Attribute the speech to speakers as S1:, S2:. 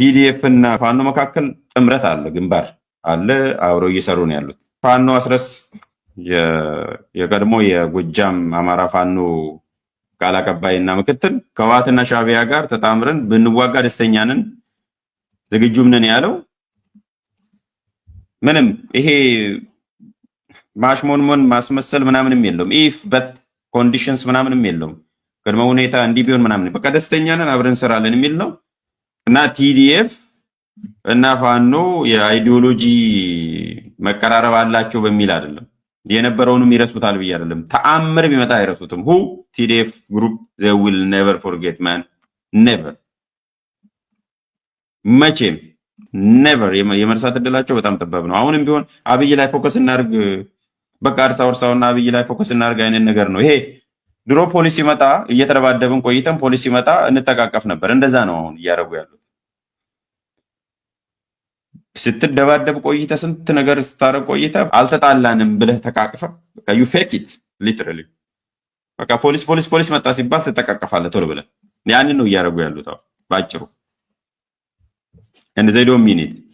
S1: ፒዲኤፍ እና ፋኖ መካከል ጥምረት አለ፣ ግንባር አለ። አብረው እየሰሩ ነው ያሉት። ፋኖ አስረስ የቀድሞ የጎጃም አማራ ፋኖ ቃል አቀባይ እና ምክትል ከህወሓትና ሻዕቢያ ጋር ተጣምረን ብንዋጋ ደስተኛ ነን፣ ዝግጁም ነን ያለው ምንም ይሄ ማሽሞንሞን ማስመሰል ምናምንም የለውም። ኢፍ በት ኮንዲሽንስ ምናምንም የለውም። ቅድመ ሁኔታ እንዲህ ቢሆን ምናምን በቃ ደስተኛ ነን አብረን እንሰራለን የሚል ነው። እና ቲዲኤፍ እና ፋኖ የአይዲዮሎጂ መቀራረብ አላቸው በሚል አይደለም። የነበረውንም ይረሱታል ብዬ አይደለም። ተአምር ቢመጣ አይረሱትም። ሁ ቲዲኤፍ ግሩፕ ዘ ዊል ኔቨር ፎርጌት ማን ኔቨር፣ መቼም ኔቨር። የመርሳት እድላቸው በጣም ጠባብ ነው። አሁንም ቢሆን አብይ ላይ ፎከስ እናርግ፣ በቃ እርሳ እርሳውና አብይ ላይ ፎከስ እናርግ አይነት ነገር ነው ይሄ። ድሮ ፖሊስ ሲመጣ እየተደባደብን ቆይተን ፖሊስ ሲመጣ እንጠቃቀፍ ነበር። እንደዛ ነው አሁን እያደረጉ ያሉት። ስትደባደብ ቆይተ ስንት ነገር ስታረግ ቆይተ አልተጣላንም ብለህ ተቃቅፈ ዩ ፌክ ኢት ሊትራሊ በቃ ፖሊስ ፖሊስ ፖሊስ መጣ ሲባል ትጠቃቀፋለህ ቶሎ ብለህ። ያንን ነው እያደረጉ ያሉት በአጭሩ እንደ ሚኒት